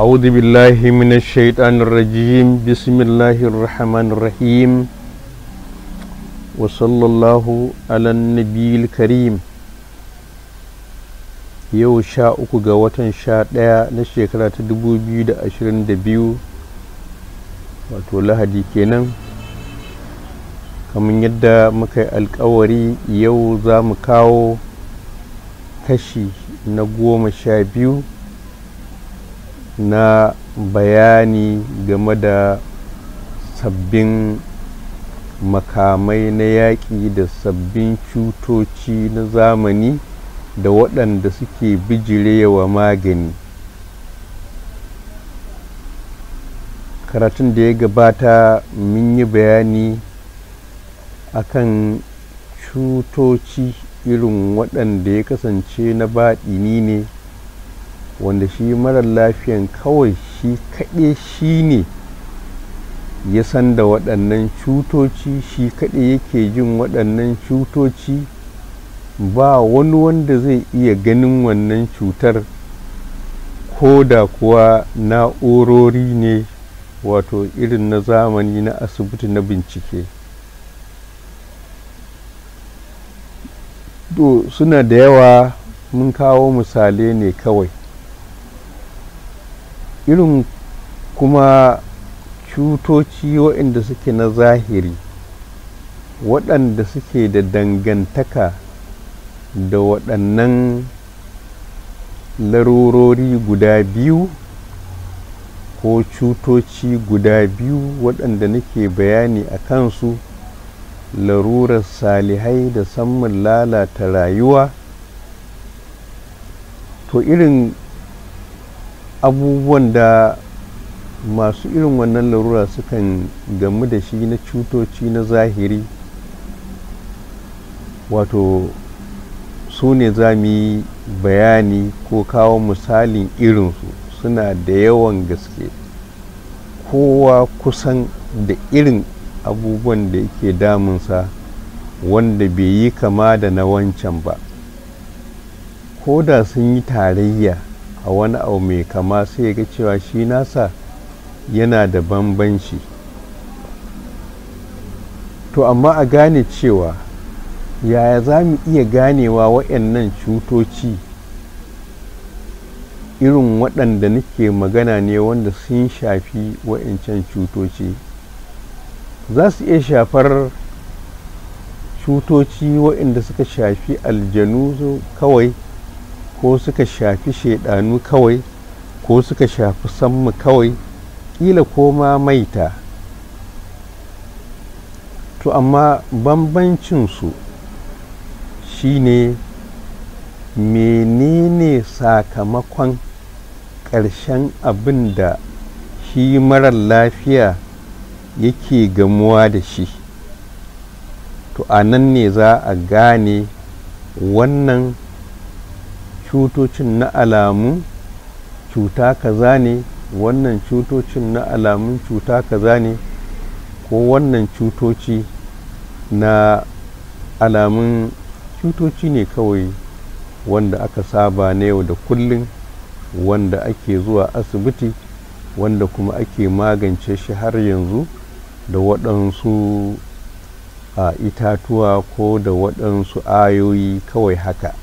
أعوذ بالله من الشيطان الرجيم بسم الله الرحمن الرحيم yau sha uku ga watan sha ɗaya na shekara ta dubu biyu da ashirin da biyu wato lahadi kenan kamar yadda muka yi alkawari yau za mu kawo kashi na goma sha biyu na bayani game da sabbin makamai na yaƙi da sabbin cutoci na zamani da waɗanda suke bijire wa magani karatun da ya gabata mun yi bayani akan cutoci irin waɗanda ya kasance na baɗini ne wanda shi marar lafiyan kawai shi kaɗe shi ne ya san da waɗannan cutoci shi kaɗe yake jin waɗannan cutoci ba wani wanda zai iya ganin wannan cutar ko da kuwa na'urori ne wato irin na zamani na asibiti na bincike suna da yawa mun kawo misalai ne kawai irin kuma cutoci waɗanda suke na zahiri waɗanda suke da dangantaka da waɗannan larurori guda biyu ko cutoci guda biyu waɗanda nake bayani a kansu larurar salihai da samun lalata rayuwa to irin abubuwan da masu irin wannan larura sukan gamu da shi na cutoci na zahiri wato su ne za mu yi bayani ko kawo misalin irinsu suna da yawan gaske kowa kusan da irin abubuwan da yake damunsa wanda bai yi kama da na wancan ba ko da sun yi tarayya a wani abu mai kama sai ga cewa shi nasa yana da bambanci to amma a gane cewa yaya za mu iya ganewa waɗannan cutoci irin waɗanda nake magana ne wanda sun shafi waɗancan cutoci za su iya shafar cutoci waɗanda suka shafi aljanu kawai ko suka shafi shaidanu kawai ko suka shafi sanmu kawai kila ko ma maita to amma bambancinsu ne menene sakamakon ƙarshen abin da shi marar lafiya yake gamuwa da shi to a ne za a gane wannan cutocin na alamun cuta kaza ne wannan cutocin na alamun cuta kaza ne ko wannan cutoci na alamun cutoci ne kawai wanda aka saba na yau da kullum wanda ake zuwa asibiti wanda kuma ake magance shi har yanzu da waɗansu a itatuwa ko da waɗansu ayoyi kawai haka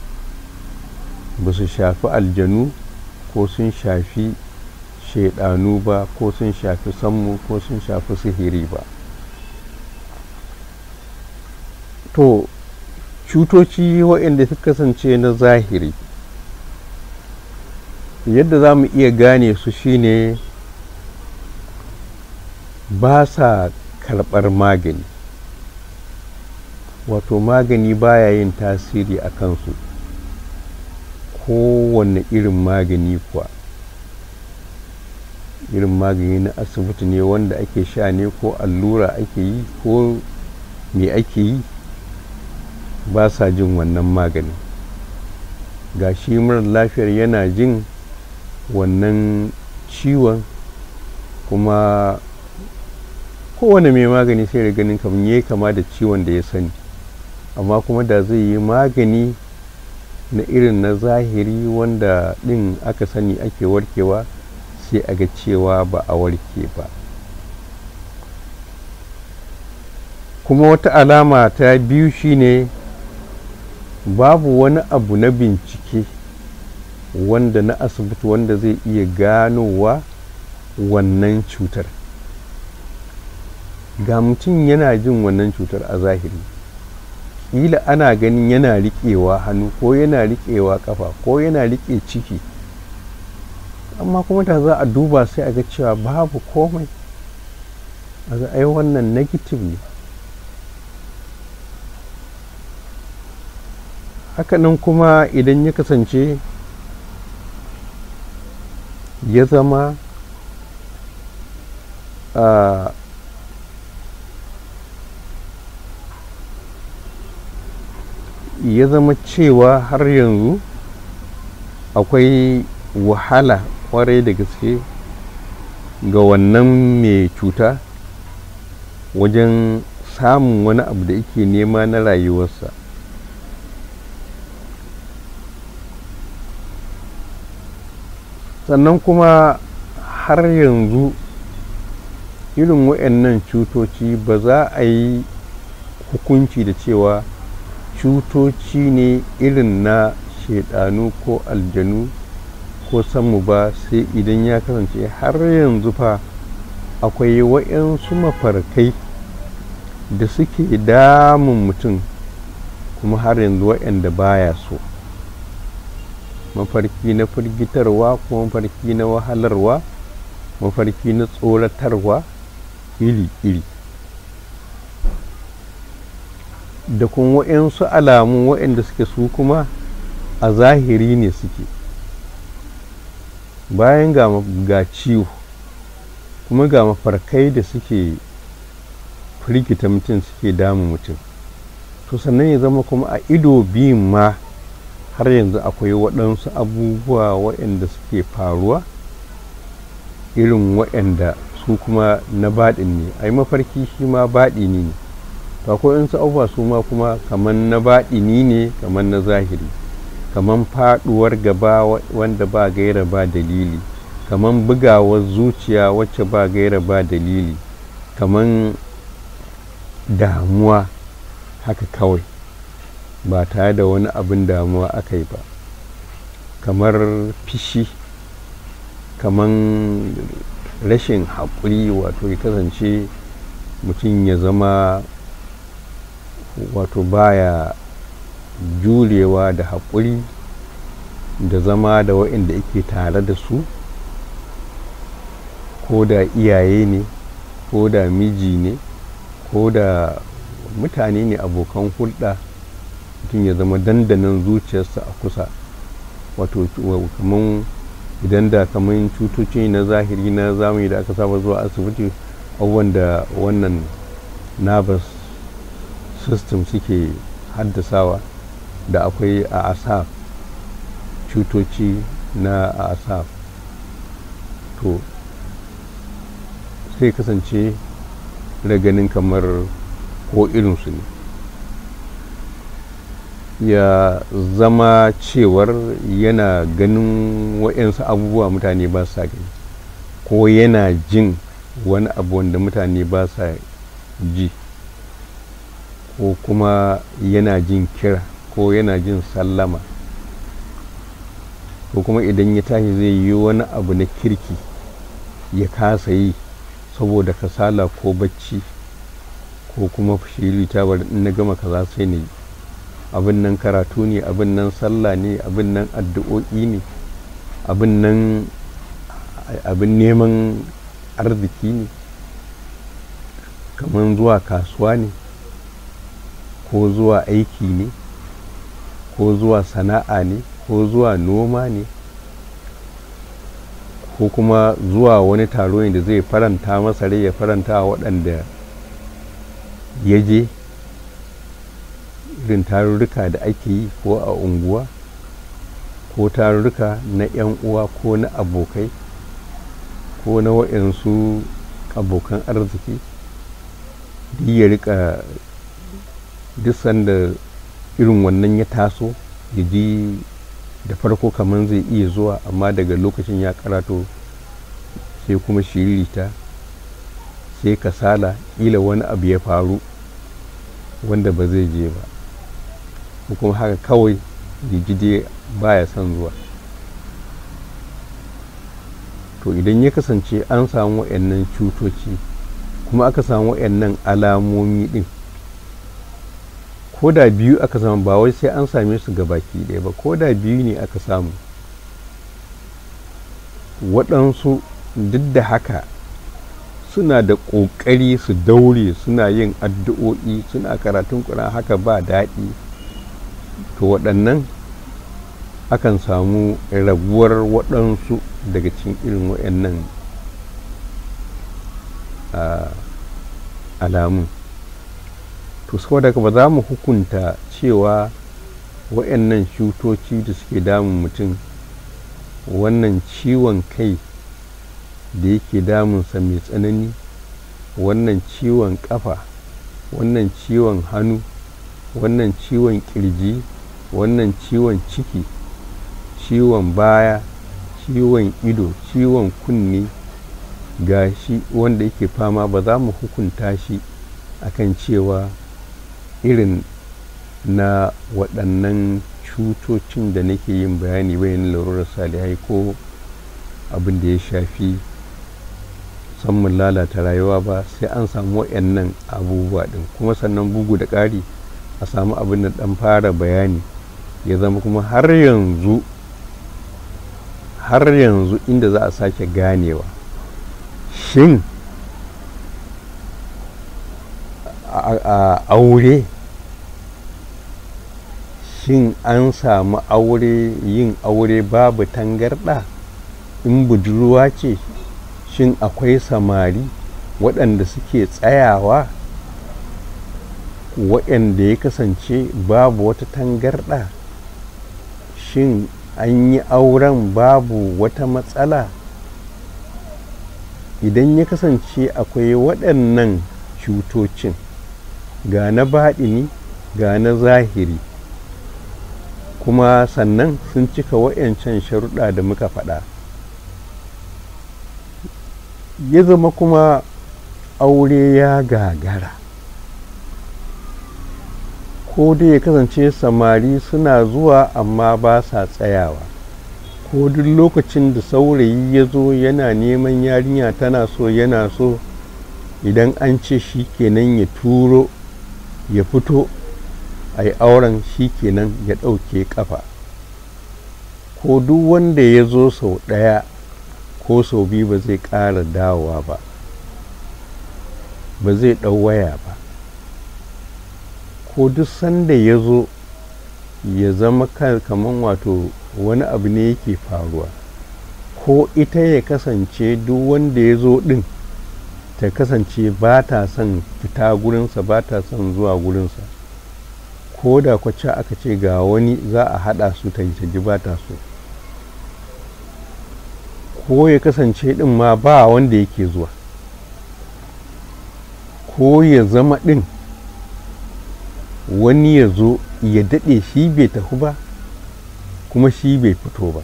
ba su shafi aljanu ko sun shafi shaidanu ba ko sun shafi sammu ko sun shafi sihiri ba to cutoci waɗanda su kasance na zahiri yadda za mu iya gane su shine ba sa karɓar magani wato magani baya yin tasiri a kansu kowane irin magani kuwa irin magani na asibiti ne wanda ake sha ne ko allura ake yi ko me ake yi ba sa jin wannan magani ga shi mara lafiyar yana jin wannan ciwon kuma kowane mai magani sai da ganin kamar ya kama da ciwon da ya sani amma kuma da zai yi magani na irin na zahiri wanda ɗin aka sani ake warkewa sai a ga cewa ba a warke ba kuma wata alama ta biyu shine babu wani abu na bincike wanda na asibiti wanda zai iya ganowa wannan cutar ga mutum yana jin wannan cutar a zahiri kila ana ganin yana riƙewa hannu ko yana riƙewa kafa ko yana riƙe ciki amma kuma da za a duba sai a ga cewa babu komai a ga ai wannan negative ne hakanan kuma idan ya kasance ya zama uh, ya zama cewa har yanzu akwai wahala kwarai da gaske ga wannan mai cuta wajen samun wani abu da yake nema na rayuwarsa sannan kuma har yanzu irin waɗannan cutoci ba za a yi hukunci da cewa cutoci ne irin na shaidanu ko aljanu ko samu ba sai idan ya kasance har yanzu fa akwai wa'yansu mafarkai da suke damun mutum kuma har yanzu wa'yanda baya so mafarki na firgitarwa ko mafarki na wahalarwa mafarki na tsoratarwa iri-iri da kuma waɗansu alamu waɗanda suke su kuma a zahiri ne suke bayan ga ciwo kuma ga mafarkai da suke firgita mutum suke damu mutum to sannan ya zama kuma a ido biyun ma har yanzu akwai waɗansu abubuwa waɗanda suke faruwa irin waɗanda su kuma na baɗin ne a yi mafarki shi ma baɗi ne ne akwai su abubuwa su ma kuma kamar na baɗini ne kamar na zahiri kamar faɗuwar gaba wanda ba gaira ba dalili kamar bugawar zuciya wacce ba gaira ba dalili kamar damuwa haka kawai ba tare da wani abin damuwa aka yi ba kamar fishi kamar rashin haƙuri wato ya kasance mutum ya zama wato baya jurewa da haƙuri da zama da waɗanda ake tare da su ko da iyaye ne ko da miji ne ko da mutane ne abokan hulɗa mutum ya zama dandanan zuciyarsa a kusa wato kamar idan da kamar cutoci na zahiri na zamani da aka saba zuwa asibiti abubuwan da wannan nabas system suke haddasawa da akwai a asaf cutoci na asaf to sai kasance ganin kamar ko irinsu ne ya zama cewar yana ganin wa'yansu abubuwa mutane ba sa gani ko yana jin wani abu wanda mutane ba sa ji ko kuma yana jin kira ko yana jin sallama ko kuma idan ya tashi zai yi wani abu na kirki ya kasa yi saboda kasala ko bacci ko kuma shiri ta bari na gama kaza sai ne abin nan karatu ne abin nan sallah ne abin nan addu'o'i ne abin nan abin neman arziki ne kamar zuwa kasuwa ne ko zuwa aiki ne ko zuwa sana'a ne ko zuwa noma ne ko kuma zuwa wani taro da zai faranta masa ya faranta waɗanda ya je irin tarurruka da ake yi ko a unguwa ko tarurruka na 'yan uwa ko na abokai ko na waɗansu abokan arziki ya rika duk sanda irin wannan ya taso ya ji da farko kamar zai iya zuwa amma daga lokacin ya karato sai kuma shiririta sai kasala ƙila wani abu ya faru wanda ba zai je ba ko kuma haka kawai ba baya son zuwa to idan ya kasance an samu wa'annan cutoci kuma aka samu wa'annan alamomi din ko da biyu aka samu ba wai sai an same su ga baki ɗaya ba ko da biyu ne aka samu waɗansu duk da haka suna da ƙoƙari su daure suna yin addu'o'i suna karatun ƙura haka ba daɗi to waɗannan akan samu raguwar waɗansu daga cikin irin waɗannan ah, alamun to saboda ba za mu hukunta cewa wa'annan cutoci da suke damun mutum wannan ciwon kai da yake damunsa mai tsanani wannan ciwon kafa wannan ciwon hannu wannan ciwon kirji wannan ciwon ciki ciwon baya ciwon ido ciwon kunne gashi wanda yake fama ba za mu hukunta shi akan cewa irin na waɗannan cutocin da nake yin bayani bayan larurar salihai ko abin da ya shafi musamman lalata rayuwa ba sai an samu waɗannan abubuwa ɗin kuma sannan bugu da ƙari a samu abin da ɗan fara bayani ya zama kuma har yanzu har yanzu inda za a sake ganewa shin a aure shin an samu aure yin aure babu tangarɗa in budurwa ce shin akwai samari waɗanda suke tsayawa waɗanda ya kasance babu wata tangarɗa shin an yi auren babu wata matsala idan ya kasance akwai waɗannan cutocin ga na baɗini ga na zahiri kuma sannan sun cika wa'yancan sharuɗa da muka faɗa ya zama kuma aure ya gagara ko dai ya kasance samari suna zuwa amma ba sa tsayawa ko duk lokacin da saurayi ya zo yana neman yarinya tana so yana so idan an ce shi kenan ya turo ya fito a yi auren shi kenan ya ɗauke ƙafa ko duk wanda ya zo sau ɗaya ko sau biyu ba zai ƙara dawowa ba ba zai ɗau waya ba ko duk sanda ya zo ya zama kamar wato wani abu ne yake faruwa ko ita ya kasance duk wanda ya zo ɗin ta kasance ba ta son fita gurinsa ba ta son zuwa gurinsa ko da kwacce aka ce ga wani za a haɗa su ta yi ta ji ba ta so ko ya kasance ɗin ma ba wanda yake zuwa ko ya zama ɗin wani ya zo ya daɗe shi bai tafi ba kuma shi bai fito ba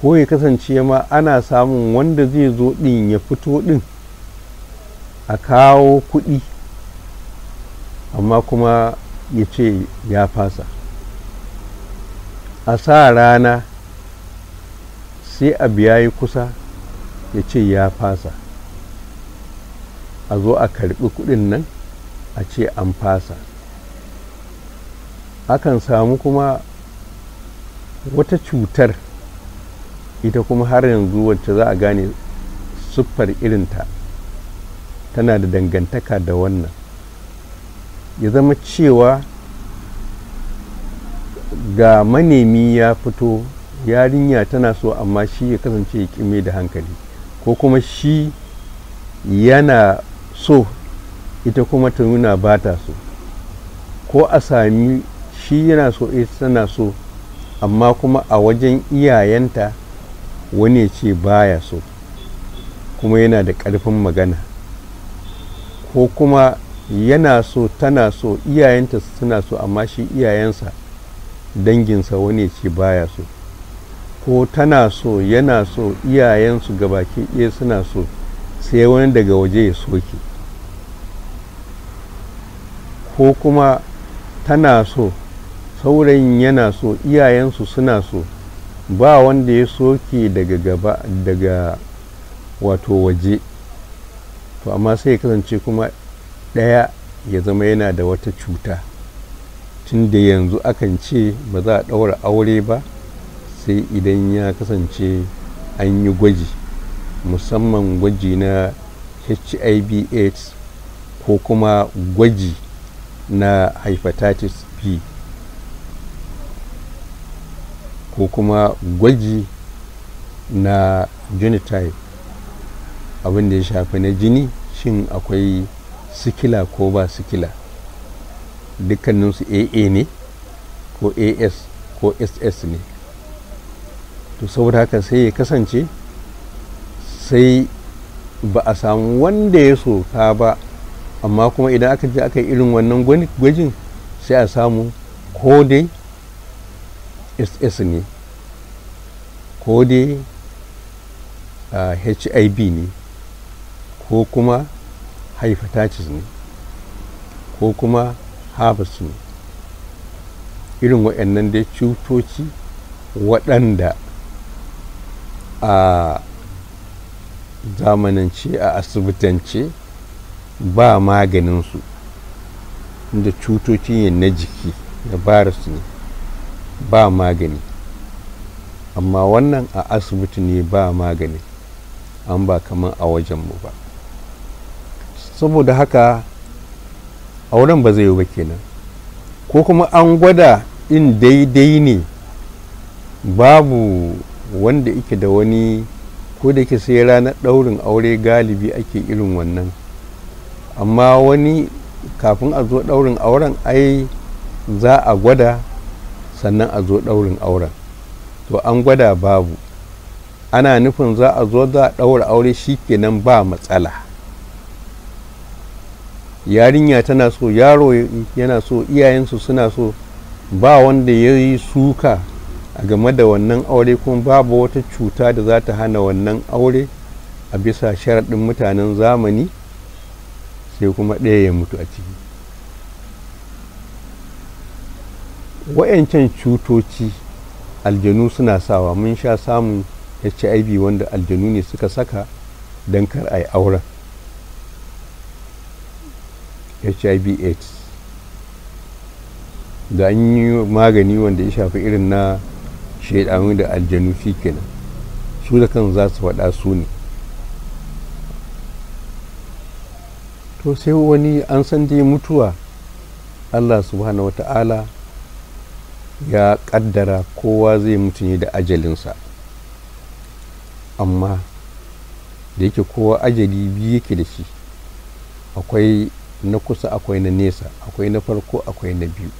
ko ya kasance ma ana samun wanda zai zo ɗin ya fito ɗin a kawo kuɗi amma kuma ya ce ya fasa a sa rana sai a ya yi kusa ya ce ya fasa a zo a karɓi kuɗin nan a ce an fasa akan samu kuma wata cutar ita kuma har yanzu wacce za a gane siffar irinta tana da dangantaka da wannan ya zama cewa ga manemi ya fito yarinya tana so amma shi ya kasance ya kime da hankali ko kuma shi yana so ita kuma ta nuna ba ta so ko a sami shi yana so ita eh, tana so amma kuma a wajen iyayenta wani ya ce baya so kuma yana da ƙarfin magana ko kuma yana so tana so iyayenta suna so amma shi iyayensa danginsa wani ce baya so ko tana so yana so iyayensu gabaki ɗaya suna so sai wani daga waje ya soke ko kuma tana so saurayin yana so iyayensu suna so ba wanda ya soke daga gaba daga wato waje to amma sai ya kasance kuma ɗaya ya zama yana da wata cuta tun da yanzu akan ce ba za a ɗaura aure ba sai idan ya kasance an yi gwaji musamman gwaji na hiv aids ko kuma gwaji na hepatitis b ko kuma gwaji na genotype abin da ya shafi na jini shin akwai sikila ko ba sikila dukkaninsu aa ne ko as ko ss ne to saboda haka sai ya kasance sai ba a samu wanda ya soka ba amma kuma idan aka je aka yi irin wannan gwajin sai a samu ko dai ss ne ko dai hiv ah, ne ko kuma haifatacis ne ko kuma harvest ne irin waɗannan dai cutoci waɗanda a zamanance a asibitance ba maganinsu inda cutoci ne na jiki na virus ne ba magani amma wannan a asibiti ne ba magani an ba kamar a wajenmu ba saboda haka auren ba zai yi ba kenan ko kuma an gwada in daidai ne babu wanda ike da wani ko da ke sai ranar daurin aure galibi ake irin wannan amma wani kafin a zo daurin auren ai za a gwada sannan a zo daurin auren to an gwada babu ana nufin za a zo za a daura aure shi shikenan ba matsala yarinya tana so yaro yana so iyayensu suna so ba wanda ya yi suka a game da wannan aure kuma babu wata cuta da za ta hana wannan aure a bisa sharaɗin mutanen zamani sai kuma ɗaya ya mutu a ciki wa'yancan cutoci aljanu suna sawa mun sha samun hiv wanda aljanu ne suka saka don kar a yi auren hiv aids da an yi magani wanda ya shafi irin na shaidanu da aljanu shi kenan su da kan za su faɗa su ne to sai wani an san dai mutuwa allah subhanahu wata'ala ya kaddara kowa zai mutu ne da ajalinsa amma da yake kowa ajali biyu yake da shi akwai na kusa akwai na nesa akwai na farko akwai na biyu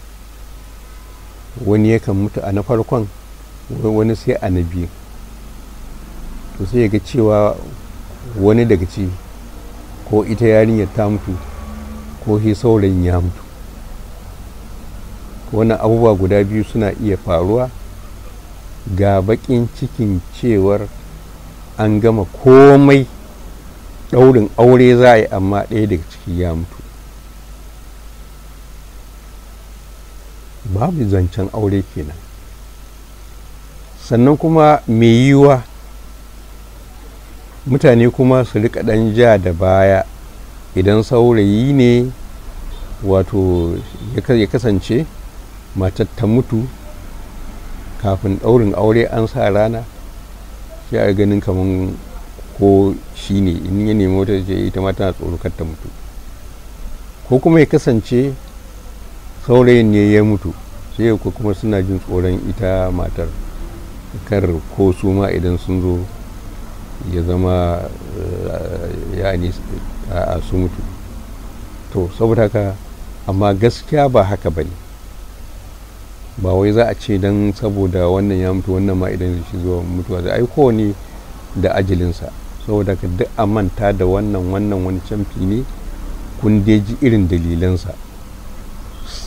wani yakan mutu a na farkon wani sai a na biyu to sai ga cewa wani daga ci ko ita yarinyar ta mutu ko shi saurayin ya mutu wannan abubuwa guda biyu suna iya faruwa ga baƙin cikin cewar an gama komai daurin aure za a yi amma ɗaya daga ciki ya mutu babu zancen aure kenan sannan kuma mai yiwuwa mutane kuma su rika ɗan ja da baya idan saurayi ne wato ya kasance matar ta mutu kafin ɗaurin aure an sa rana sai a ganin kamar ko shi ne in ya nemi wata ce ita ma tana tsorokar ta mutu ko kuma ya kasance saurayin ne ya mutu sai ko kuma suna jin tsoron ita matar kar ko su ma idan sun zo ya zama eh, ya ne a su mutu to saboda haka amma gaskiya ba haka ba ne ba wai za a ce don saboda wannan ya mutu wannan ma idan shi zuwa mutuwa zai aiko ne da ajilinsa saboda ka duk a manta da wannan wannan wani camfi ne kun ji irin dalilansa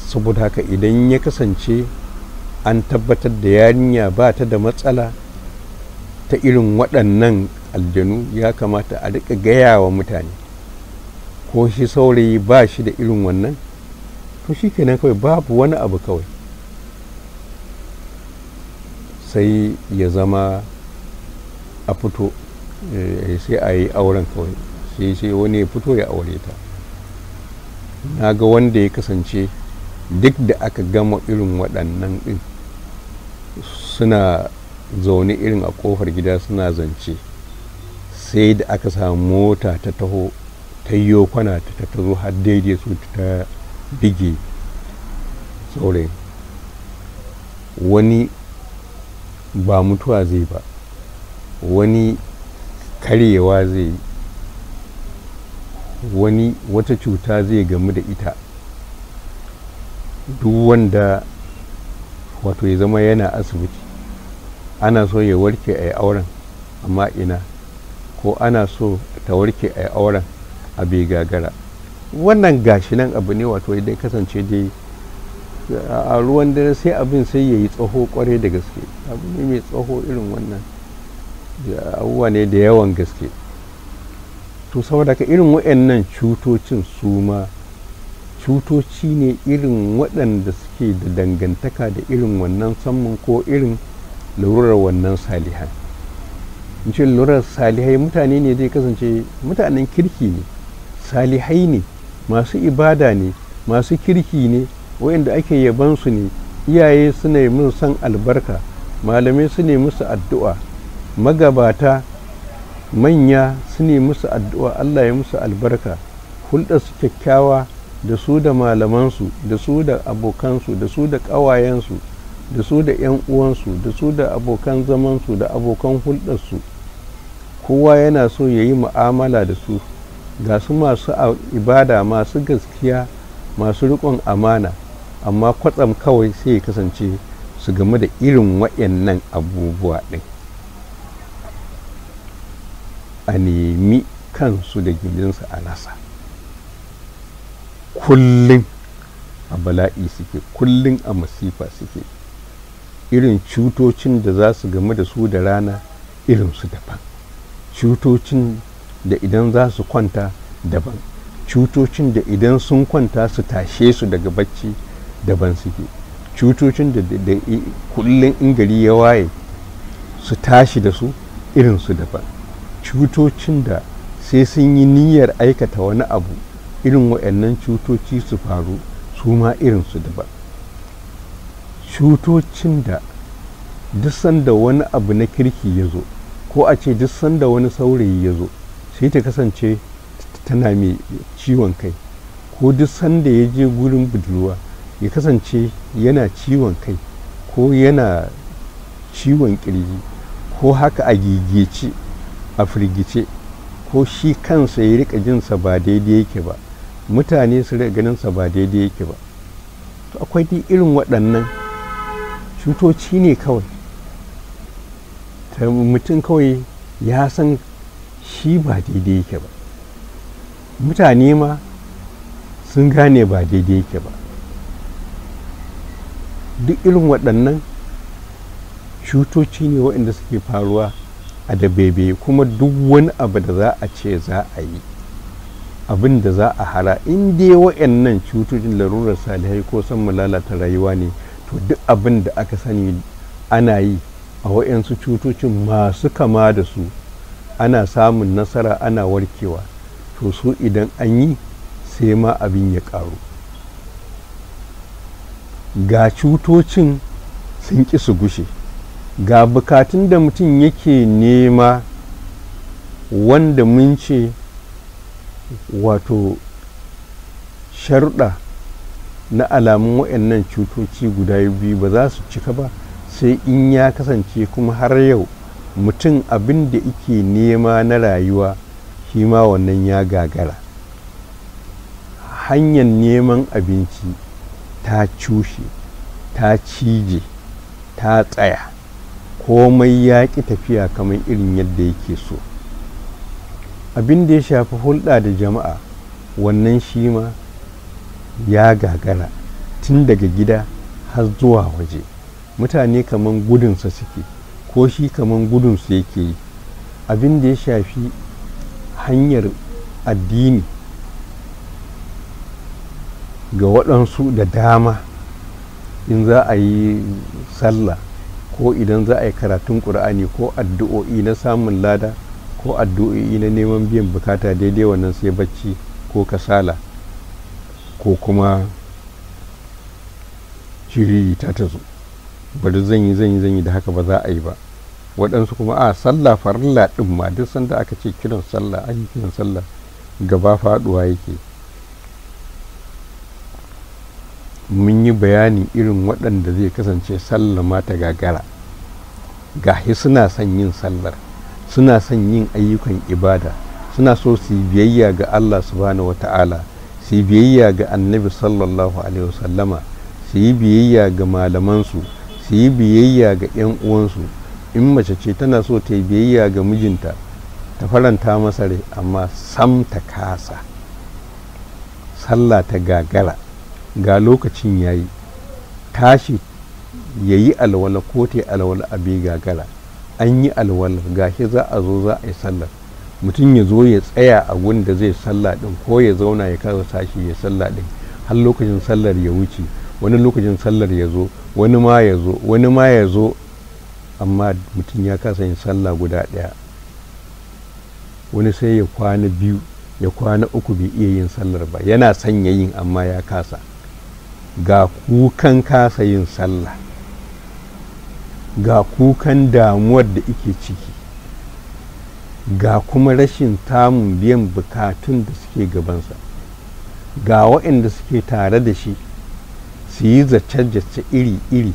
saboda haka idan ya kasance an tabbatar da yarinya ba ta da matsala ta irin waɗannan aljanu ya kamata a riƙa gaya wa mutane ko shi saurayi ba shi da irin wannan to shi kenan kawai babu wani abu kawai sai ya zama a fito eh, sai a yi auren kawai sai sai wani ya fito ya aure ta na ga wanda ya kasance duk da aka gama irin waɗannan ɗin suna zaune irin a ƙofar gida suna zance sai da aka samu mota ta taho ta yi kwana ta tazo har daidai su ta bige saurayin wani ba mutuwa zai ba wani karyewa zai wani wata cuta zai gamu da ita duk wanda wato ya zama yana asibiti ana so ya warke a yi auren amma ina ko ana so ta warke a yi auren a bai gagara wannan gashi nan abu ne wato dai kasance dai a ruwan dare sai abin sai ya yi tsaho kwarai da gaske abu ne mai tsaho irin wannan abubuwa ne da yawan gaske to saboda ka irin waɗannan cutocin su ma cutoci ne irin waɗanda suke da dangantaka da irin wannan samun ko irin lura wannan salihan in ce salihai mutane ne zai kasance mutanen kirki ne salihai ne masu ibada ne masu kirki ne waɗanda ake yabansu ne iyaye su ne mun san albarka malamai su ne musu addu'a magabata manya su ne musu addu'a allah ya musu albarka su kyakkyawa da su da malamansu da su da abokansu da su da ƙawayensu da su da 'yan uwansu da su da abokan zamansu da abokan hulɗarsu kowa yana so ya yi mu'amala da su ga su masu ibada masu gaskiya masu riƙon amana amma kwatsam kawai sai ya kasance su game da irin waɗannan abubuwa ɗin a nemi kansu da gindinsu a nasa kullum a bala'i suke kullum a masifa suke irin cutocin da za su game da su da rana irinsu daban cutocin da idan za su kwanta daban cutocin da idan sun kwanta su tashe su daga bacci daban suke cutocin da kullum ingari ya waye su tashi da su irinsu daban cutocin da sai sun yi niyyar aikata wani abu irin waɗannan cutoci su faru su ma irinsu daban cutocin da duk sanda wani abu na kirki ya zo ko a ce duk sanda wani saurayi ya zo sai ta kasance tana mai ciwon kai ko duk sanda ya je gurin budurwa ya kasance yana ciwon kai ko yana ciwon kirji ko haka a gigice a firgice ko shi kansa ya rika jinsa ba daidai yake ba mutane su rage ganin sa ba daidai yake ba to akwai duk irin waɗannan cutoci ne kawai mutum kawai ya san shi ba daidai yake ba mutane ma sun gane ba daidai yake ba duk irin waɗannan cutoci ne waɗanda suke faruwa a dabebe kuma duk wani abu da za a ce za a yi abin da za a hara in dai nan cutocin larurar salihai ko san mu lalata rayuwa ne to duk abin da aka sani ana yi a wa'ansu cutocin masu kama da su ana samun nasara ana warkewa to su idan an yi sai ma abin ya karu ga cutocin sun ƙi su gushe ga bukatun da mutum yake nema wanda mun ce wato sharuɗa na alamun waɗannan cutoci guda biyu ba za su cika ba sai in ya kasance kuma har yau mutum abin da ike nema na rayuwa shi ma wannan ya gagara hanyar neman abinci ta cushe ta cije ta tsaya komai ya ƙi tafiya kamar irin yadda yake so abin da ya shafi hulɗa da jama'a wannan shi ma ya gagara tun daga gida har zuwa waje mutane kamar gudunsa suke ko shi kamar gudunsa yake yi abin da ya shafi hanyar addini ga waɗansu da dama in za a yi sallah ko idan za a yi karatun ƙur'ani ko addu'o'i na samun lada ko addu'o'i na neman biyan bukata daidai wannan sai bacci ko kasala ko kuma shiri ta ta zo bari zan yi zan yi zan yi da haka ba za a yi ba waɗansu kuma a sallah farilla ɗin ma duk sanda aka ce kiran sallah ake kiran sallah gaba faɗuwa yake mun yi bayanin irin waɗanda zai kasance sallah ma ta gagara ga suna son yin sallar suna son yin ayyukan ibada suna so su yi biyayya ga Allah subhanahu ta'ala su yi biyayya ga annabi sallallahu alaihi wasallama su yi biyayya ga malamansu su yi biyayya ga 'yan uwansu in mace ce tana so ta yi biyayya ga mijinta ta faranta masa rai amma sam ta kasa sallah ta gagara ga lokacin yayi tashi ya yi alwala ko ta yi alwala abi gagara an yi alwala gashi za a zo za a yi sallar mutum ya zo ya tsaya a da zai sallah din ko ya zauna ya kasa sashi ya sallah din har lokacin sallar ya wuce wani lokacin sallar ya zo wani ma ya zo wani ma ya zo amma mutum ya kasa yin sallah guda ɗaya wani sai ya kwana biyu ya kwana uku bai iya yin sallar ba yana sanya yin amma ya kasa ga kukan kasa yin sallah ga kukan damuwar da ike ciki ga kuma rashin tamun biyan bukatun da suke gabansa ga waɗanda suke tare da shi su yi zace-zace iri-iri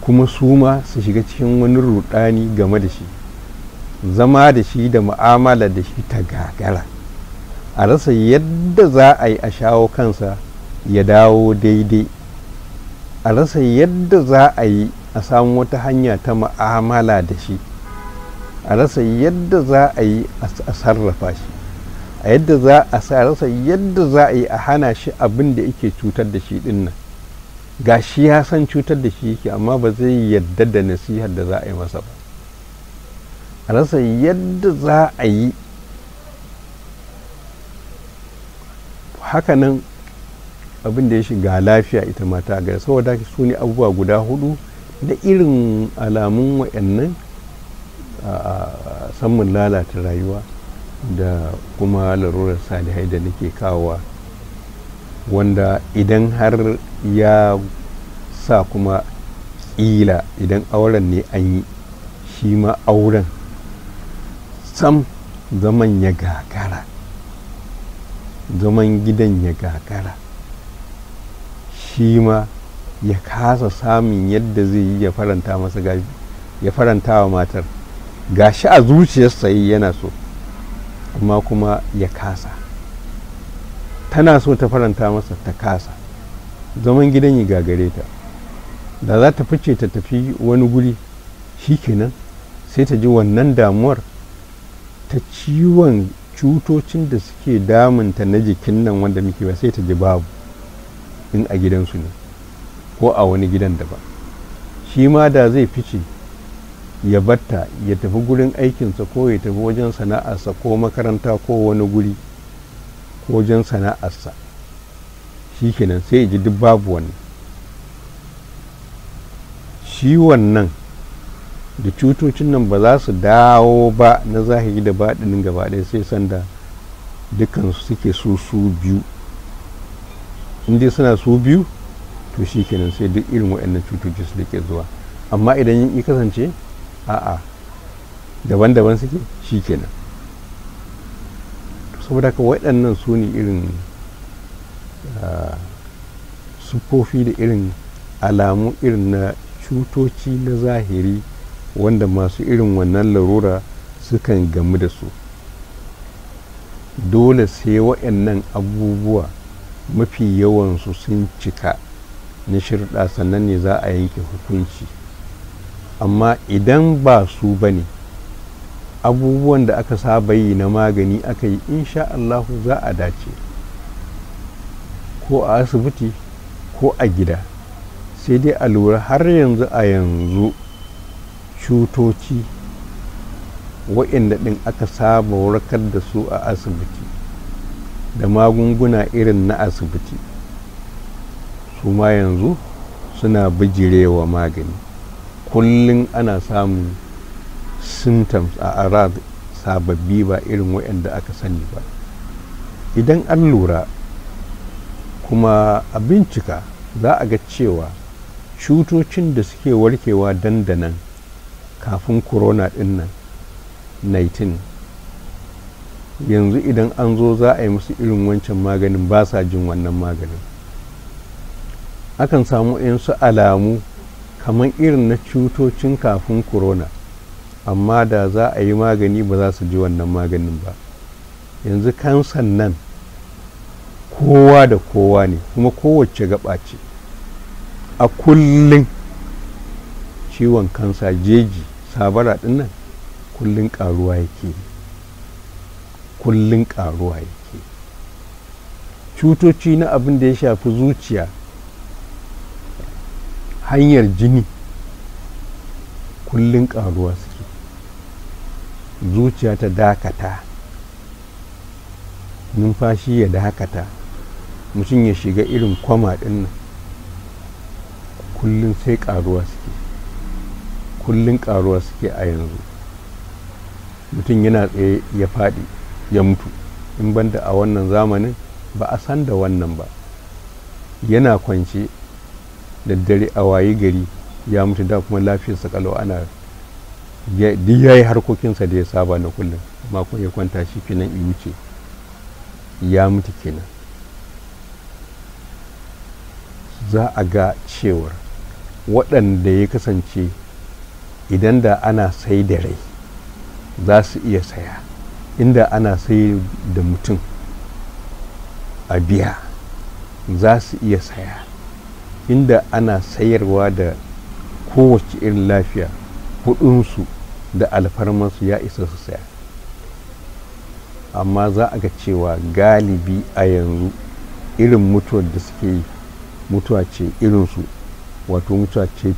kuma su ma su shiga cikin wani rudani game da shi zama da shi da mu'amala da shi ta gagara a rasa yadda za a yi a shawo kansa ya dawo daidai a rasa yadda za a yi a samu wata hanya ta ma'amala da shi a rasa yadda za a yi a sarrafa shi a yadda za a sa rasa yadda za a yi a hana shi abin da yake cutar da shi din ga shi ya san cutar da shi yake amma ba zai yadda da nasihar da za a yi masa ba a rasa yadda za a yi hakanan abin da ya shiga lafiya ita mata a gari saboda su ne abubuwa guda hudu da irin alamun wa'annan a samun lalata rayuwa da kuma larurar salihai da nake kawowa wanda idan har ya sa kuma tsila idan auren ne an yi shi ma auren sam zaman ya gagara zaman gidan ya gagara shi ma ya kasa samun yadda zai yi ya faranta masa gashi ya faranta wa matar gashi a zuciyarsa yi yana so amma kuma ya kasa tana so ta faranta masa ta kasa zaman gidan yi gagare ta da za ta fice ta tafi wani guri shi kenan sai ta ji wannan damuwar ta ciwon cutocin da suke damunta na jikin nan wanda muke ba sai ta ji babu in a gidansu ne ko a wani gidan daban shi ma da zai fice ya batta ya tafi gurin aikinsa ko ya tafi wajen sana'arsa ko makaranta ko wani guri ko wajen sana'arsa shi kenan sai ya ji duk babu wannan shi wannan da cutocin nan ba za su dawo ba na zahiri da baɗinin gaba ɗaya sai sanda dukansu suke su su biyu in dai suna su biyu to shi kenan sai duk irin waɗannan cututtuki su ke zuwa amma idan ya kasance a'a daban-daban suke shi kenan saboda haka waɗannan su ne irin ah, sufofi da irin alamu irin na cutoci na zahiri wanda masu irin wannan larura sukan gamu da su dole sai waɗannan abubuwa mafi yawansu sun cika na shirɗa sannan ne za a yanke hukunci amma idan ba su ba ne abubuwan da aka saba yi na magani aka yi insha Allahu za a dace ko a asibiti ko a gida sai dai a lura har yanzu a yanzu cutoci waɗanda ɗin aka saba warkar da su a asibiti da magunguna irin na asibiti su ma yanzu suna bijirewa magani kullum ana samun symptoms a ara sababbi ba irin waɗanda aka sani ba idan an lura kuma a bincika za a ga cewa cutocin da suke warkewa dandanan kafin corona ɗin nan 19 yanzu idan an zo za a yi musu irin wancan maganin ba sa jin wannan maganin akan samu su alamu kamar irin na cutocin kafin corona amma da za a yi magani ba za su ji wannan maganin ba yanzu kansan nan kowa da kowa ne kuma kowace gaba ce a kullum ciwon kansa jeji sabara dinnan kullum karuwa yake ne kullun karuwa yake cutoci na abin da ya shafi zuciya hanyar jini kullun karuwa suke zuciya ta dakata numfashi ya dakata mutum ya shiga irin kwama ɗin kullum sai karuwa suke kullum karuwa suke a yanzu mutum yana tsaye ya faɗi ya mutu in banda a wannan zamanin ba a san da wannan ba yana kwance da dare a wayi gari ya mutu da kuma lafiyarsa kalau ana duk ya yi harkokinsa da ya saba na kullum makon ya kwanta shi kenan i wuce ya mutu kenan za a ga cewar waɗanda ya kasance idan da ana sai da rai za su iya saya inda ana sai da mutum a biya za su iya saya inda ana sayarwa da kowace irin lafiya kudinsu da alfarmansu ya isa su saya amma za a ga cewa galibi a yanzu irin mutuwar da suke yi mutuwa ce irinsu wato mutuwa mutuwa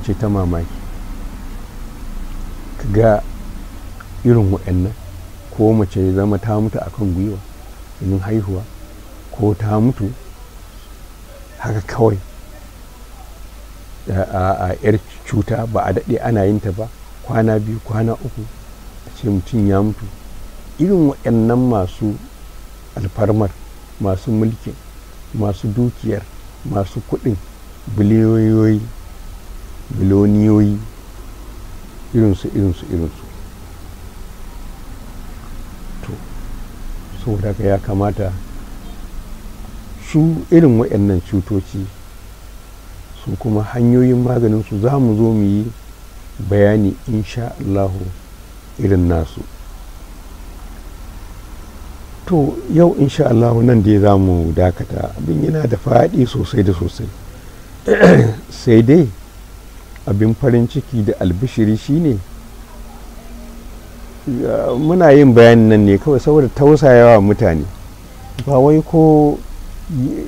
ce ta mamaki ga irin waɗannan ko mace ya zama ta mutu a kan gwiwa domin haihuwa ko ta mutu haka kawai a yar cuta ba a daɗe ana yin ta ba kwana biyu kwana uku a ce mutum ya mutu irin waɗannan masu alfarmar masu mulki masu dukiyar masu kuɗin biliyoyi biloniyoyi irinsu irinsu irinsu to saboda haka ya kamata su irin waɗannan cutoci su kuma hanyoyin maganin su za mu zo mu yi bayani insha Allahu irin nasu to yau insha Allahu nan dai za mu dakata abin yana da faɗi sosai da sosai sai dai abin farin ciki da albishiri shine muna yin bayanin nan ne kawai saboda tausayawa mutane ba wai ko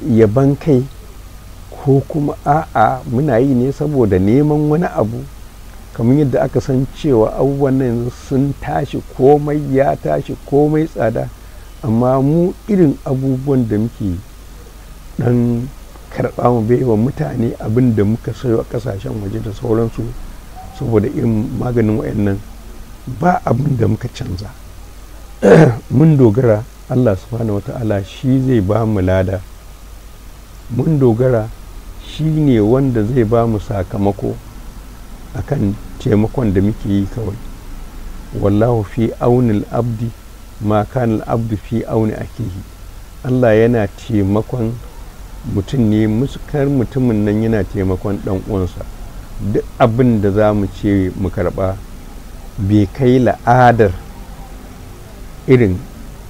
yaban kai ko kuma a'a muna yi ne saboda neman wani abu kamar yadda aka san cewa abubuwan nan sun tashi komai ya tashi komai tsada amma mu irin abubuwan da muke dan karɓa mu baiwa mutane abin da muka sayo a ƙasashen waje da sauransu saboda irin maganin wayannan ba abin da muka canza mun dogara allah subhanahu wata'ala shi zai ba mu lada mun dogara shi ne wanda zai ba mu sakamako a kan taimakon da muke yi kawai wallahu fi aunil abdi ma kanil abdu fi auni yi allah yana taimakon mutum ne muskar mutumin nan yana taimakon ɗan uwansa duk abin da za mu ce mu karba bai kai la'adar irin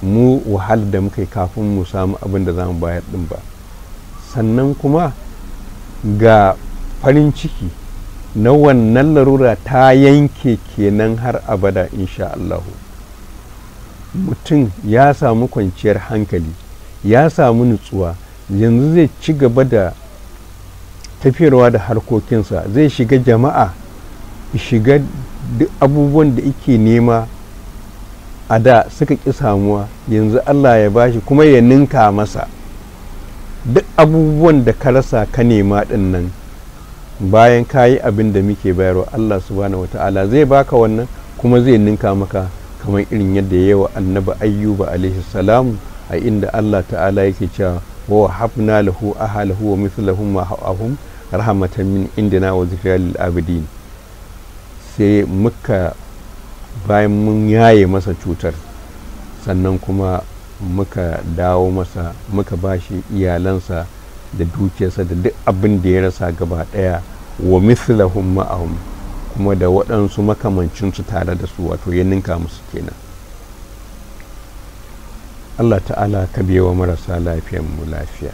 mu wahal da muka yi kafin mu samu abin da za mu bayar din ba sannan kuma ga farin ciki na wannan larura ta yanke kenan har abada insha Allahu mutum ya samu kwanciyar hankali ya samu nutsuwa yanzu zai ci gaba da tafiyarwa da harkokinsa zai shiga jama'a shiga duk abubuwan da ike nema a da suka ƙi samuwa yanzu allah ya bashi kuma ya ninka masa duk abubuwan da ka rasa ka nema ɗin nan bayan ka yi abin da muke bayarwa allah subhanahu wata'ala zai baka wannan kuma zai ninka maka kamar irin yadda ya annaba wa ayyuba alaihi a inda allah ta'ala yake cewa wa habna lahu ahlahu wa mithlahum ma'ahum rahmatan min na wa abidin sai muka bayan mun yaye masa cutar sannan kuma muka dawo masa muka bashi iyalansa da dukiyarsa da duk abin da ya rasa gaba daya wa mithlahum ma'ahum kuma da waɗansu makamancinsu tare da su wato ya ninka musu kenan allah ta'ala ka biya wa marasa lafiyan mu lafiya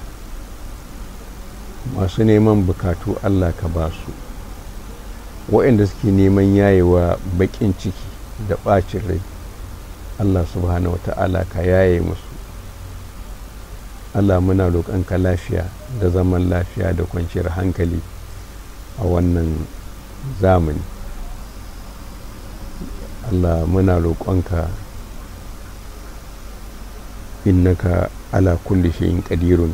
masu neman bukatu allah ka ba su waɗanda suke neman yayewa baƙin ciki da ɓacin rai allah subhanahu ta'ala ka yaye musu allah muna roƙonka lafiya da zaman lafiya da kwanciyar hankali a wannan zamani allah muna roƙonka innaka ala kulli shayin qadirun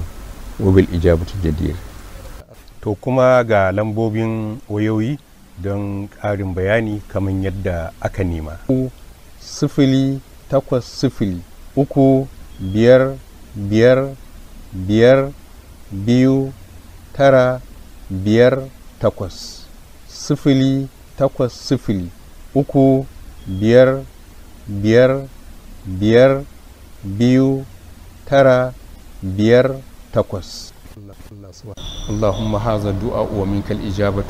wa bil jadir to kuma ga lambobin wayoyi don ƙarin bayani kamar yadda aka nema sifili takwas sifili uku biyar biyar biyar biyu tara biyar takwas sifili takwas sifili uku biyar biyar biyar biyu tara biyar takwas اللهم هذا الدعاء ومنك الإجابة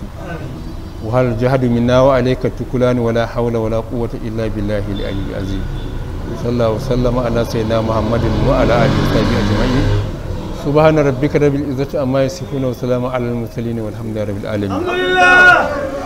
وهل الجهد منا وعليك التكلان ولا حول ولا قوة إلا بالله العلي العظيم صلى الله وسلم على سيدنا محمد وعلى آله وصحبه أجمعين سبحان ربك رب العزة عما يصفون وسلام على المرسلين والحمد لله رب العالمين